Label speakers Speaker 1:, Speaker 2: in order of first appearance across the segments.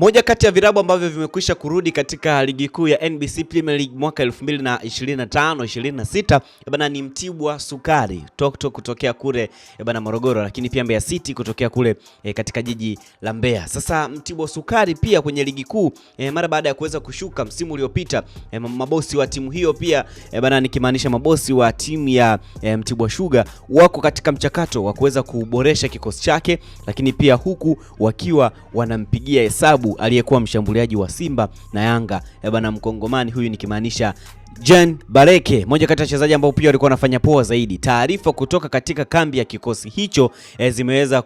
Speaker 1: Moja kati ya virabu ambavyo vimekwisha kurudi katika ligi kuu ya NBC Premier League mwaka 2025 26 eh bana ni Mtibwa Sukari Toktok kutokea kule eh bana Morogoro, lakini pia Mbeya City kutokea kule e, katika jiji la Mbeya. Sasa Mtibwa Sukari pia kwenye ligi kuu e, mara baada ya kuweza kushuka msimu uliopita e, mabosi wa timu hiyo pia e, bana nikimaanisha mabosi wa timu ya e, Mtibwa Sugar wako katika mchakato wa kuweza kuboresha kikosi chake, lakini pia huku wakiwa wanampigia hesabu aliyekuwa mshambuliaji wa Simba na Yanga. Eh, bana mkongomani huyu nikimaanisha Jean Bareke, moja kati ya wachezaji ambao pia walikuwa wanafanya poa zaidi. Taarifa kutoka katika kambi ya kikosi hicho e, zimeweza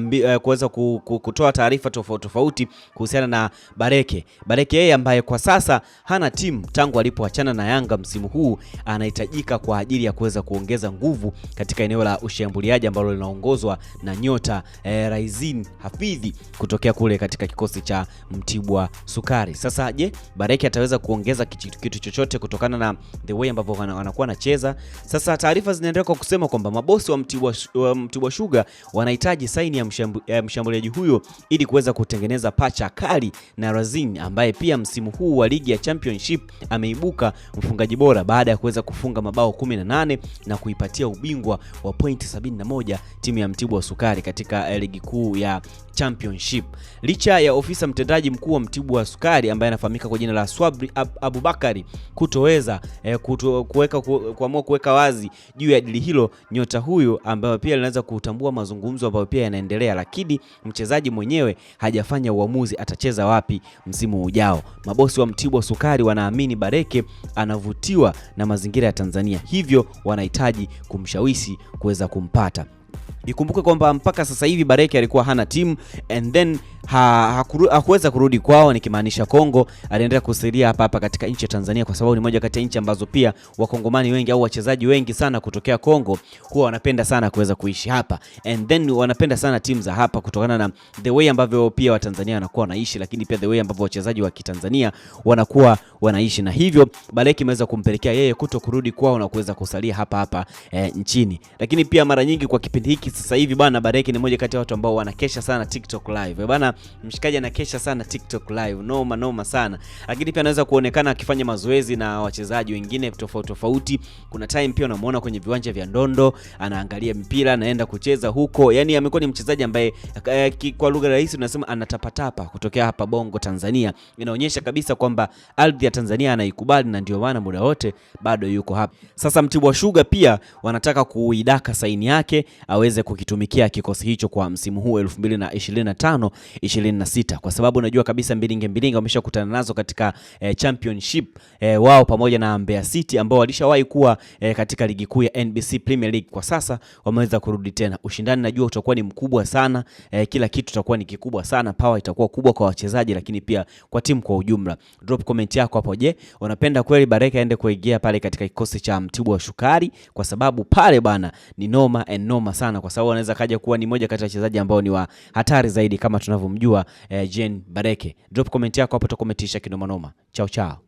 Speaker 1: eh, kuweza ku, ku, kutoa taarifa tofauti tofauti kuhusiana na Bareke. Bareke yeye ambaye kwa sasa hana timu tangu alipoachana na Yanga msimu huu, anahitajika kwa ajili ya kuweza kuongeza nguvu katika eneo la ushambuliaji ambalo linaongozwa na nyota e, Raizin Hafidhi kutokea kule katika kikosi cha Mtibwa Sukari. Sasa je, Bareke ataweza kuongeza kitu, kitu chochote kutokana kulingana na the way ambavyo wanakuwa wanacheza. Sasa taarifa zinaendelea kwa kusema kwamba mabosi wa Mtibwa, wa Mtibwa Sugar wanahitaji saini ya mshambuliaji huyo ili kuweza kutengeneza pacha kali na Razin ambaye pia msimu huu wa ligi ya Championship ameibuka mfungaji bora baada ya kuweza kufunga mabao 18 na kuipatia ubingwa wa pointi 71 timu ya Mtibwa Sukari katika eh, ligi kuu ya Championship. Licha ya ofisa mtendaji mkuu wa Mtibwa Sukari ambaye anafahamika kwa jina la Swabri Abubakari kutoe kuweza eh, kuweka kuamua kuweka wazi juu ya dili hilo nyota huyu ambayo pia linaweza kutambua mazungumzo ambayo pia yanaendelea, lakini mchezaji mwenyewe hajafanya uamuzi atacheza wapi msimu ujao. Mabosi wa Mtibwa Sukari wanaamini Bareke anavutiwa na mazingira ya Tanzania, hivyo wanahitaji kumshawishi kuweza kumpata. Ikumbuke kwamba mpaka sasa hivi Bareke alikuwa hana timu and then ha, hakuru, hakuweza kurudi kwao, nikimaanisha Kongo. Aliendelea kusalia hapa hapa katika nchi ya Tanzania, kwa sababu ni moja kati ya nchi ambazo pia wakongomani wengi au wachezaji wengi sana kutokea Kongo huwa wanapenda sana kuweza kuishi hapa, and then wanapenda sana timu za hapa kutokana na the way ambavyo pia Watanzania wanakuwa wanaishi, lakini pia the way ambavyo wachezaji wa Kitanzania wanakuwa wanaishi, na hivyo Baleki imeweza kumpelekea yeye kuto kurudi kwao na kuweza kusalia hapa hapa e, nchini. Lakini pia mara nyingi kwa kipindi hiki sasa hivi bana, Baleki ni moja kati ya watu ambao wanakesha sana TikTok live eh, bana mshikaji anakesha sana TikTok live, noma noma sana. Lakini pia anaweza kuonekana akifanya mazoezi na wachezaji wengine tofauti tofauti. Kuna time pia unamuona kwenye viwanja vya ndondo anaangalia mpira, anaenda kucheza huko. Yani amekuwa ni mchezaji ambaye eh, kwa lugha rahisi tunasema anatapatapa kutokea hapa Bongo Tanzania. Inaonyesha kabisa kwamba ardhi ya Tanzania anaikubali na ndio maana muda wote bado yuko hapa. Sasa Mtibwa shuga pia wanataka kuidaka saini yake aweze kukitumikia kikosi hicho kwa msimu huu 2025 26 kwa sababu unajua kabisa mbilinge mbilinge wameshakutana nazo katika eh, championship eh, wao pamoja na Mbeya City ambao walishawahi kuwa eh, katika ligi kuu ya NBC Premier League. Kwa sasa wameweza kurudi tena. Ushindani najua utakuwa ni mkubwa sana eh, kila kitu itakuwa ni kikubwa sana, power itakuwa kubwa kwa wachezaji, lakini pia kwa timu kwa ujumla. Drop comment yako hapo. Je, unapenda kweli Baraka aende kuingia pale katika kikosi cha Mtibwa wa Shukari? Kwa sababu pale bana ni noma and noma sana, kwa sababu anaweza kaja kuwa ni moja kati ya wachezaji ambao ni wa hatari zaidi kama tunavyo kumjua eh, Jane Bareke. Drop comment yako hapo, tutakometisha kinomanoma. Chao chao.